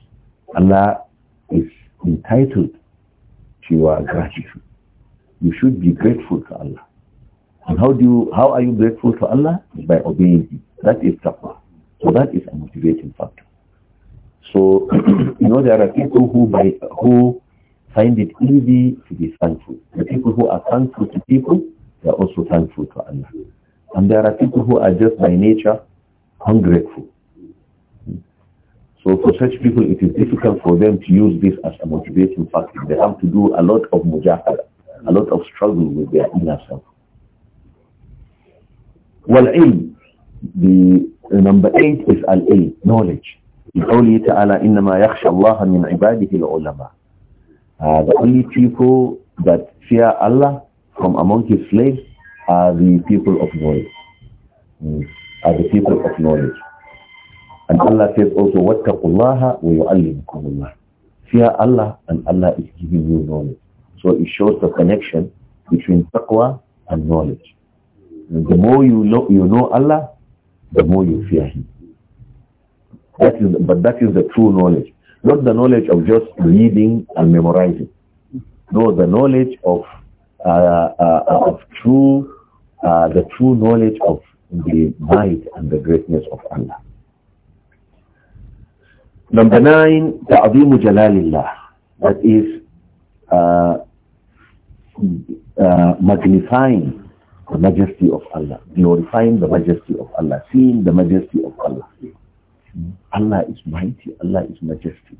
Allah is entitled to your gratitude. You should be grateful to Allah. And how do you, how are you grateful to Allah? By obeying Him. That is taqwa. So that is a motivating factor. So, you know, there are people who, by, who find it easy to be thankful. The people who are thankful to people, they are also thankful to Allah. And there are people who are just by nature ungrateful. So for such people, it is difficult for them to use this as a motivating factor. They have to do a lot of mujahada, a lot of struggle with their inner self. Well, ilm, the number eight is al-ilm, knowledge. بقوله تعالى إنما يخشى الله من عباده العلماء uh, the only people that fear Allah from among his slaves are the people of knowledge mm. are the people of knowledge and Allah says also وَاتَّقُوا اللَّهَ وَيُعَلِّمُكُمُ اللَّهِ fear Allah and Allah is giving you knowledge so it shows the connection between taqwa and knowledge and the more you know, you know Allah the more you fear him That is, but that is the true knowledge, not the knowledge of just reading and memorizing. No, the knowledge of uh, uh, uh of true, uh, the true knowledge of the might and the greatness of Allah. Number nine, ta'zimu jalalillah. That is uh, uh, magnifying the majesty of Allah, glorifying the majesty of Allah, seeing the majesty of Allah. Allah is mighty, Allah is majestic.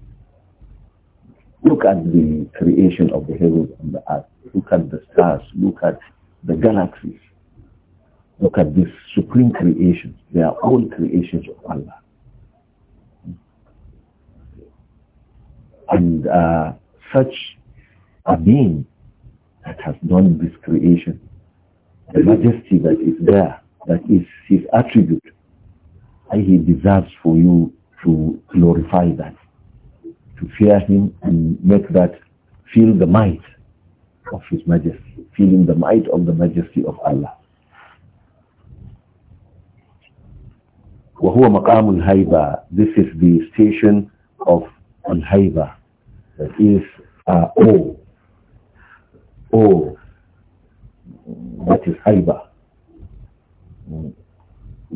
Look at the creation of the heavens and the earth. Look at the stars. Look at the galaxies. Look at these supreme creations. They are all creations of Allah. And uh, such a being that has done this creation, the majesty that is there, that is his attribute, and he deserves for you to glorify that, to fear him and make that feel the might of his majesty, feeling the might of the majesty of Allah. وهو مقام الهيبة. This is the station of الهيبة. That is uh, awe. Awe. That is هيبة.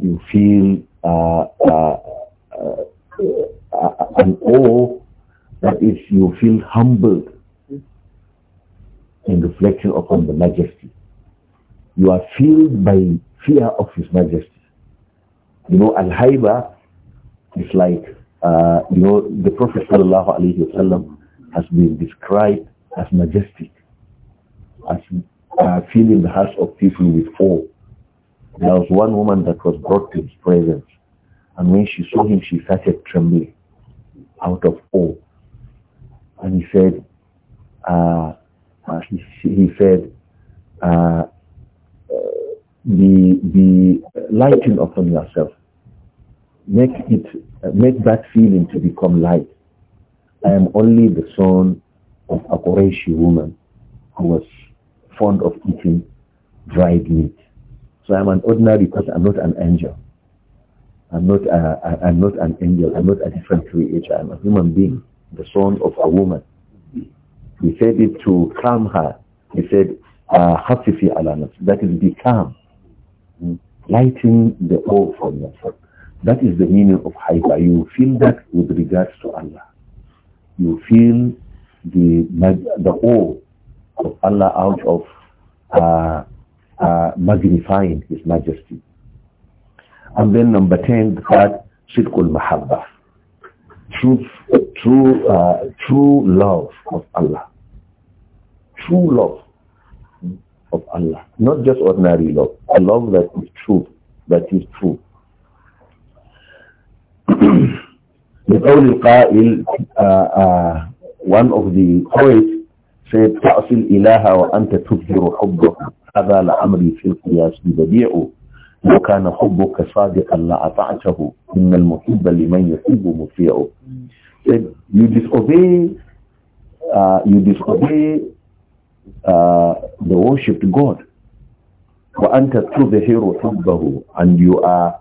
You feel uh, uh, uh, an awe that is you feel humbled in reflection upon the majesty. You are filled by fear of His majesty. You know, Al-Haiba is like, uh, you know, the Prophet sallallahu wasallam has been described as majestic, as uh, filling the hearts of people with awe. There was one woman that was brought to his presence. And when she saw him, she started trembling out of awe. And he said, uh, uh he, he, said, uh, be, be upon yourself. Make it, uh, make that feeling to become light. I am only the son of a Qurayshi woman who was fond of eating dried meat. So I'm an ordinary person. I'm not an angel. I'm not, a, I, I'm not an angel. I'm not a different creature. I'm a human being, the son of a woman. He said it to calm her. He said, ah, Hafifi uh, ala That is be calm. Hmm? Lighten the all from yourself. That is the meaning of haifa. You feel that with regards to Allah. You feel the the awe of Allah out of uh, uh, magnifying His Majesty. And then number 10, the third, Sidqul Mahabba. True, true, uh, true love of Allah. True love of Allah. Not just ordinary love. A love that is true. That is true. بقول القائل uh, uh, one of the poets said تأصل إلها وأنت تبذر حبه أبال عمري في القياس بديع وكان حبك صادقا لا أطعته إن المحب لمن يحب مطيع said you disobey uh, you disobey uh, the worshipped God وأنت تظهر حبه and you are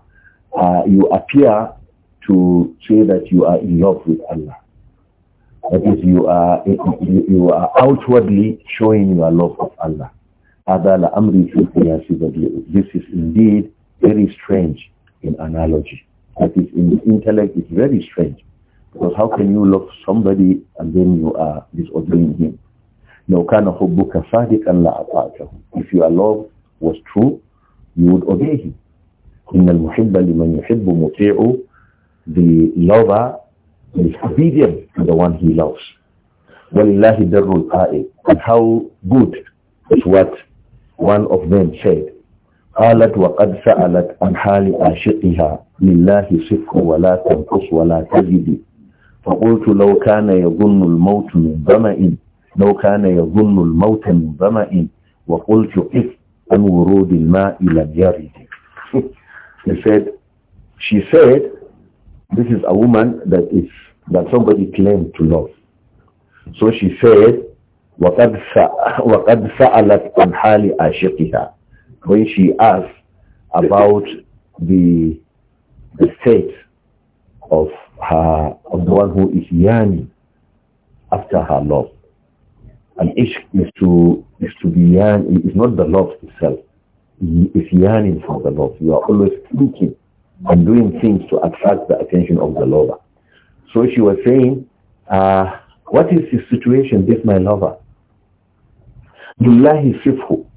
uh, you appear to say that you are in love with Allah that is you are you are outwardly showing your love of Allah This is indeed very strange in analogy. That is, in intellect is very strange. Because how can you love somebody and then you are disobeying him? لو كان حبك صادقا لأطعته. If your love was true, you would obey him. The lover is obedient to the one he loves. And how good is what one of them said, قالت وقد سألت عن حال عاشقها لله صفه ولا تنقص ولا تجد. فقلت لو كان يظن الموت من ظمأ لو كان يظن الموت من ظمأ وقلت قف عن ورود الماء إلى يرد He said, she said, this is a woman that is that somebody claimed to love. So she said, وقد وقد سألت عن حال عاشقها when she asked about the the state of her of the one who is yearning after her love and ishq is to is to be yearning is not the love itself it's yearning for the love you are always thinking and doing things to attract the attention of the lover so she was saying uh, what is the situation with my lover Billahi faithful.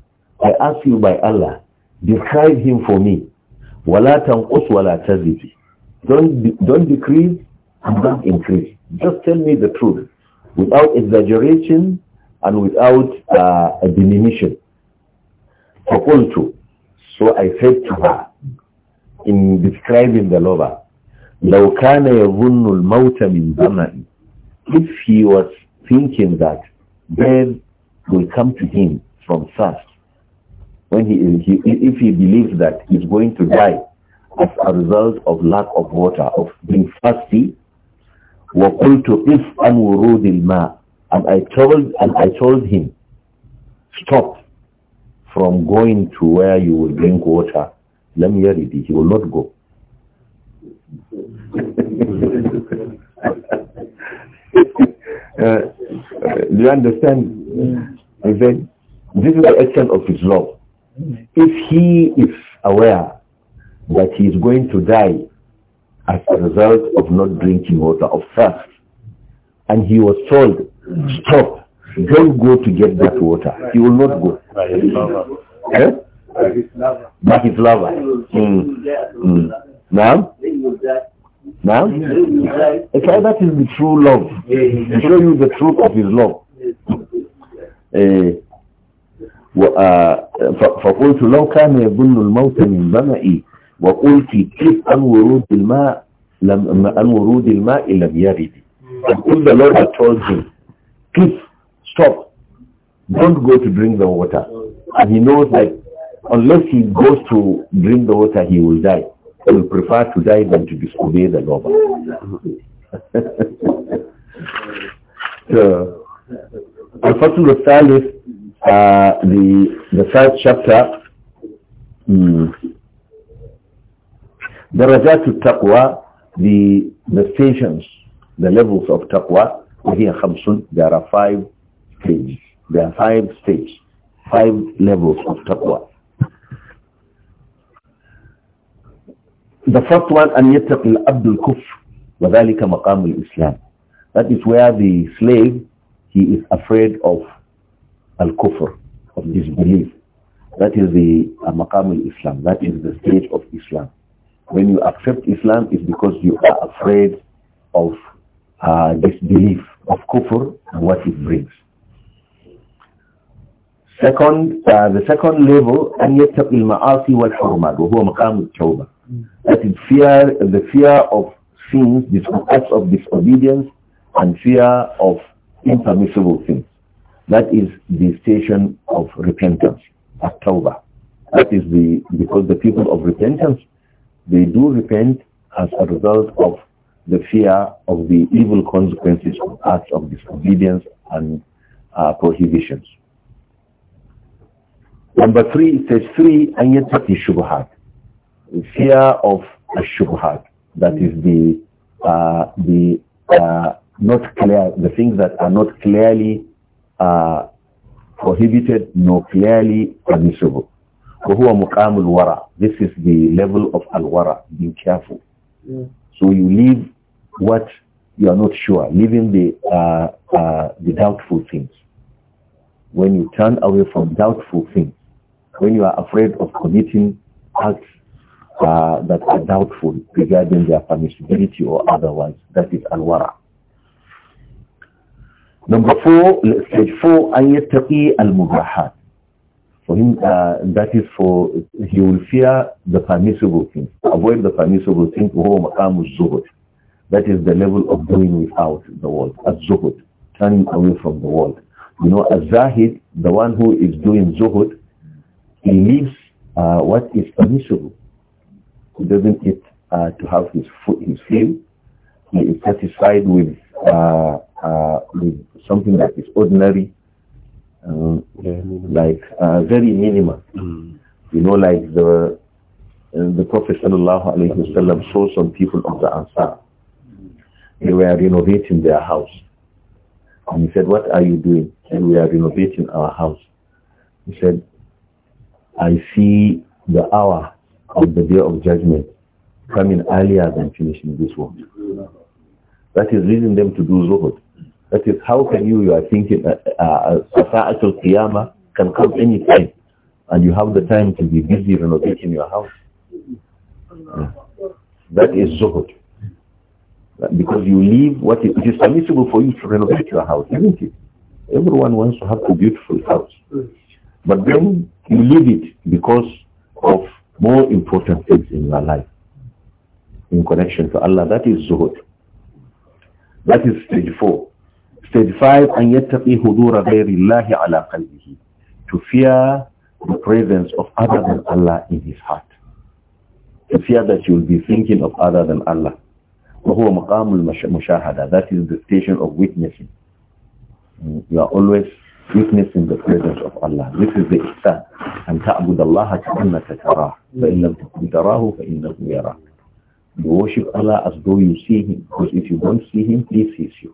I ask you by Allah, describe him for me. Wala tanqus wala tazid. Don't, don't decrease and don't increase. Just tell me the truth without exaggeration and without uh, a diminution. فقلت So I said to her in describing the lover, لو كان يظن الموت من زمن If he was thinking that then will come to him from thirst. When he, he, if he believes that he's going to die as a result of lack of water, of being thirsty, وَقُلْتُ إِفْ أَنْ وُرُودِ الْمَاءِ And I told, and I told him, stop from going to where you will drink water. Let me hear it. he will not go. uh, do you understand? Yeah. And this is the extent of his love. If he is aware that he is going to die as a result of not drinking water, of thirst, and he was told, stop, don't go to get that water. He will not go. By his lover. Eh? By his lover. By his lover. Mm. Mm. Now? Now? Okay, that is the true love. To show you the truth of his love. فقلت لو كان يظن الموت من بمئي وقلت كيف الورود الماء لم الورود الماء لم يرد فقلت the Lord had told him, please stop, don't go to drink the water. And he knows that unless he goes to drink the water, he will die. He will prefer to die than to disobey the Lord. so, al first al-Thalith, the, the third chapter, mm, درجات taqwa, the the stations the levels of taqwa here khamsun there are five stages there are five stages five levels of taqwa the first one an yattaqi al-abd al-kufr that is where the slave he is afraid of al-kufr, of disbelief. That is the makam uh, maqam That is the stage of Islam. When you accept Islam, it's because you are afraid of uh, disbelief, of kufr and what it brings. Second, uh, the second level, أن يتقي المعاصي والحرمات وهو مقام التوبة. That is fear, the fear of sins, acts of disobedience and fear of impermissible things. That is the station of repentance, at tawbah. That is the, because the people of repentance, they do repent as a result of the fear of the evil consequences of acts of disobedience and uh, prohibitions. Number three, says three, an yatati shubhat. Fear of a shubhat. That is the, uh, the uh, not clear, the things that are not clearly uh, prohibited nor clearly permissible. وَهُوَ مُقَامُ This is the level of al-wara, being careful. Yeah. So you leave what you are not sure, leaving the, uh, uh, the doubtful things. When you turn away from doubtful things, when you are afraid of committing acts uh, that are doubtful regarding their permissibility or otherwise, that is al-wara. Number four, stage four, أن المباحات. For him, uh, that is for, he will fear the permissible things, avoid the permissible things, That is the level of doing without the world, الزهد, turning away from the world. You know, az-zahid, the one who is doing zuhud, he leaves uh, what is permissible. He doesn't eat uh, to have his food, his fill. He is satisfied with uh, uh, with something that is ordinary, um, yeah, like uh, very minimal. Mm. You know, like the uh, the Prophet sallallahu alaihi wasallam saw some people of the Ansar. They were renovating their house, and he said, "What are you doing?" And we are renovating our house. He said, "I see the hour of the day of judgment coming earlier than finishing this work." That is leading them to do zuhud. That is, how can you, you are thinking, uh, uh, uh, Sa'atul Qiyamah can come any time, and you have the time to be busy renovating your house. Yeah. That is zuhud. Because you leave what is, it is permissible for you to renovate your house, isn't it? Everyone wants to have a beautiful house. But then you leave it because of more important things in your life in connection to Allah. That is zuhud. That is stage four. Stage 5, أن يتقي حضور غير الله على قلبه. To fear the presence of other than Allah in his heart. To fear that you will be thinking of other than Allah. وهو مقام المشاهدة. That is the station of witnessing. You are always witnessing the presence of Allah. This is the ihsan. أن تعبد الله كأنك تراه. فإن لم تكن تراه فإنه يراك. You worship Allah as though you see Him. Because if you don't see Him, He sees you.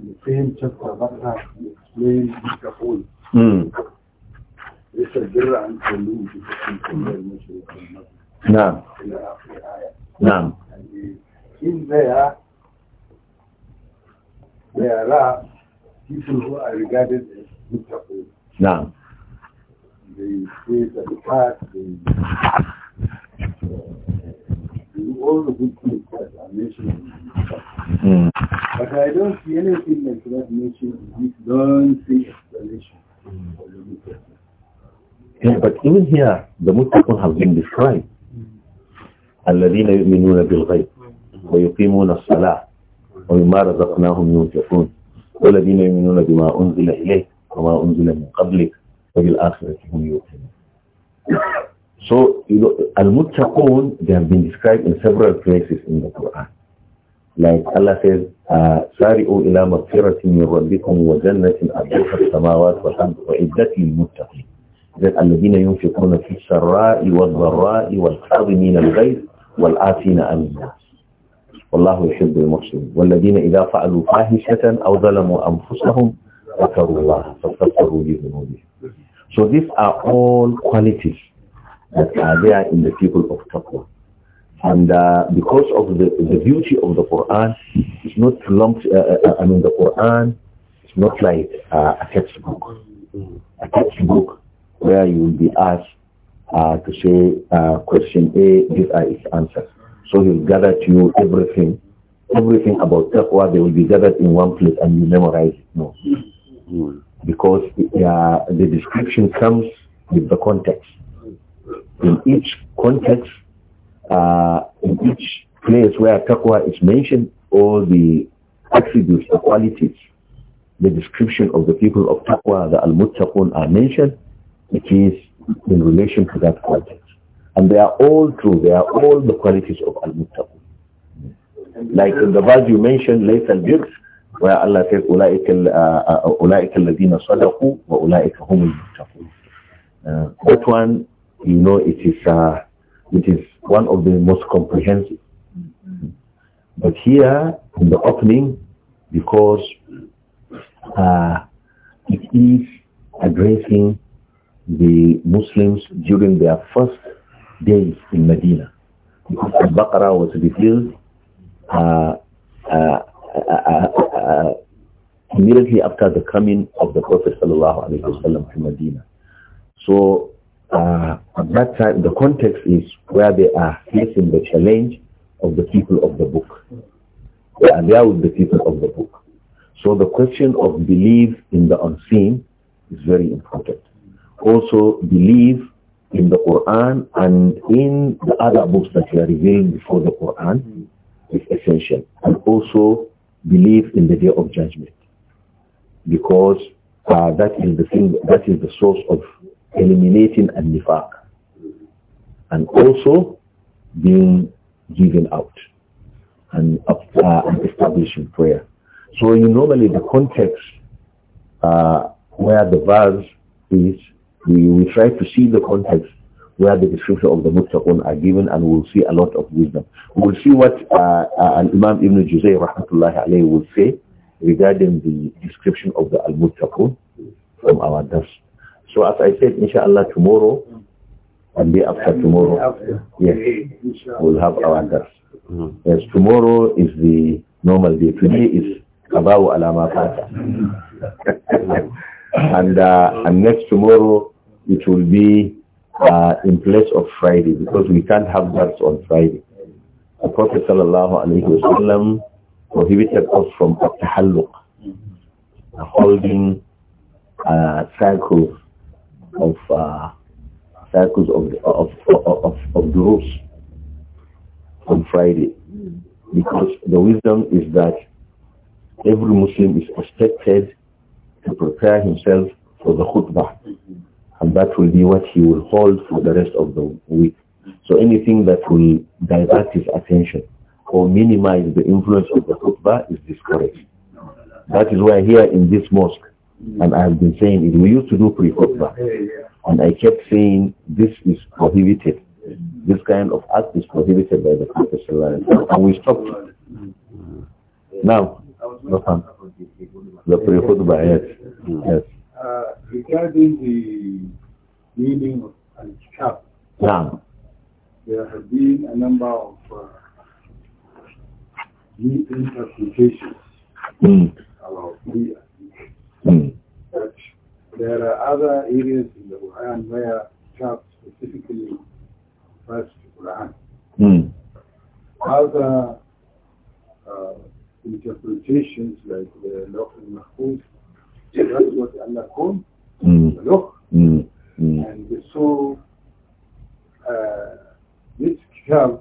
in the same chapter that has explained the whole. Mm. ليس البر أن تولوا بكم in there there are people who are regarded as couples. No. they say the part they uh, the the But I don't see anything like that nature. in this long thing explanation of the New Yeah, but even here, the Mutakun has been described. الذين يؤمنون بالغيب ويقيمون الصلاة ومما رزقناهم ينفقون والذين يؤمنون بما أنزل إليك وما أنزل من قبلك وبالآخرة هم يوقنون So, you know, Al-Muttaqun, they have been described in several places in the Quran. Like Allah says, سَارِئُوا إِلَى مَغْفِرَةٍ مِنْ رَبِّكُمْ وَجَنَّةٍ أَرْضُهَا السَّمَاوَاتُ وَالْأَرْضُ وَعِدَّةٍ لِلْمُتَّقِينَ ذَلِكَ الَّذِينَ يُنْفِقُونَ فِي السَّرَّاءِ وَالضَّرَّاءِ وَالْكَاظِمِينَ الْغَيْظَ وَالْعَافِينَ عَنِ النَّاسِ والله يحب المحسنين والذين إذا فعلوا فاحشة أو ظلموا أنفسهم ذكروا الله فاستغفروا لذنوبهم So these are all qualities that are there in the people of Taqwa. And uh, because of the, the beauty of the Quran, it's not lumped, uh, uh, uh I mean the Quran is not like uh, a textbook. A textbook where you will be asked uh, to say question A, these are its answers. So he'll gather to you everything, everything about taqwa, they will be gathered in one place and you memorize it. No. Hmm. Because the description comes with the context in each context, uh, in each place where taqwa is mentioned, all the attributes, the qualities, the description of the people of taqwa, the al-muttaqun are mentioned, it is in relation to that context. And they are all true, they are all the qualities of al-muttaqun. Like in the verse you mentioned, لَيْسَ الْبِرْءُ where Allah says, أُولَٰئِكَ الَّذِينَ صَدَقُوا وَأُولَٰئِكَ هُمُ الْمُتَّقُونَ That one you know it is uh, it is one of the most comprehensive. But here in the opening, because uh, it is addressing the Muslims during their first days in Medina, because Al-Baqarah was revealed uh, uh, uh, uh, uh immediately after the coming of the Prophet sallallahu alaihi wasallam to Medina. So uh, at that time, the context is where they are facing the challenge of the people of the book. They are there with the people of the book. So the question of belief in the unseen is very important. Also, belief in the Quran and in the other books that were revealed before the Quran is essential. And also, belief in the Day of Judgment. Because uh, that is the thing, that is the source of eliminating al-nifaq, and also being given out and, uh, and establishing prayer. So you normally the context uh, where the verse is, we, we try to see the context where the description of the muttaqun are given and we'll see a lot of wisdom. We'll see what uh, uh, Imam Ibn Juzay will say regarding the description of the al-muttaqun from our dust. So as I said, inshallah, tomorrow and day after tomorrow, yes, we'll have our dars. Mm-hmm. Yes, tomorrow is the normal day. Today is kabawu alama fata. and, uh, and next tomorrow, it will be uh, in place of Friday because we can't have dars on Friday. The Prophet sallallahu alaihi wasallam prohibited us from at-tahalluq, mm-hmm. holding uh, cycles of uh, cycles of of, of, of, on Friday. Hmm. Because the wisdom is that every Muslim is expected to prepare himself for the khutbah. Hmm. And that will be what he will hold for the rest of the week. So anything that will divert his attention or minimize the influence of the khutbah is discouraged. That is why here in this mosque, Mm. And I have been saying it. We used to do pre-khutbah. And I kept saying this is prohibited. Mm. This kind of act is prohibited by the Prophet And we stopped. Mm. Now, the pre-khutbah, yes. yes. Uh, regarding the meaning of al-kaf, there have been a number of uh, interpretations mm. about the Hmm. there are other areas in the Quran where charts specifically refers to Quran. Mm. Other uh, interpretations like the Loch and mahfuz that's what Allah called hmm. the hmm. And so uh, this kitab,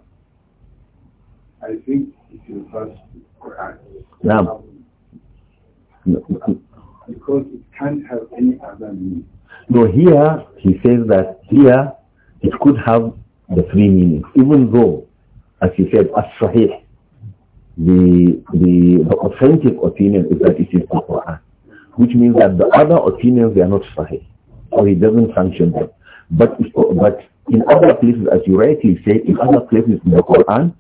I think it refers to Quran. Yeah. Um, because it can't have any other meaning. No, here he says that here it could have the three meanings, even though, as he said, as-sahih, the, the, the authentic opinion is that it is the Quran, which means that the other opinions, they are not sahih, so he doesn't sanction them. But, but in other places, as you rightly say, in other places in the Quran,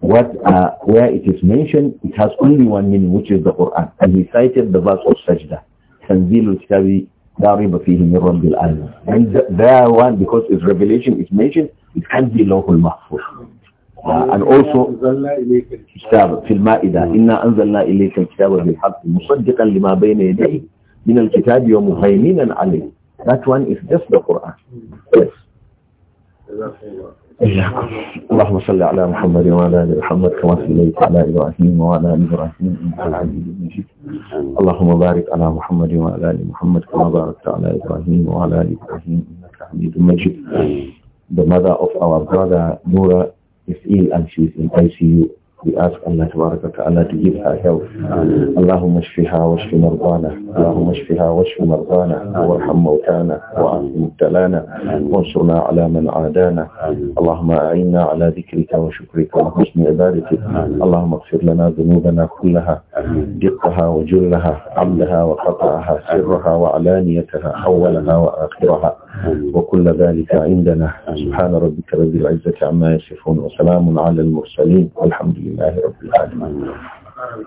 what uh, where it is mentioned, it has only one meaning, which is the Quran. And he cited the verse of Sajda. تنزيل الكتاب لا ريب فيه من رب العالمين and that one because its revelation is mentioned it can be لوح المحفوظ Uh, and also كتاب في المائدة إنا أنزلنا إليك الكتاب بالحق مصدقا لما بين يديه من الكتاب ومهيمنا عليه that one is just the Quran yes إياكم اللهم صل على محمد وعلى آل محمد كما صليت على إبراهيم وعلى آل إبراهيم إنك حميد مجيد اللهم بارك على محمد وعلى آل محمد كما باركت على إبراهيم وعلى آل إبراهيم إنك حميد مجيد The mother of our brother Nora is ill and she is in ICU We ask Allah Tabaraka Ta'ala to give her health. Allahumma shfiha wa shfi marbana. Allahumma shfiha wa shfi marbana. Wa arham mawtana wa afi mubtalana. ansurna ala man adana. Allahumma a'inna ala dhikrika wa shukrika wa husni ibadatik. Allahumma lana kullaha. wa jullaha. Amdaha wa qataha. Sirraha wa alaniyataha. Awalaha wa akhiraha. Wa kulla dhalika indana. Subhana rabbika rabbil izzati amma yasifun. Wa salamun ala al-mursaleen. Alhamdulillah. لله رب العالمين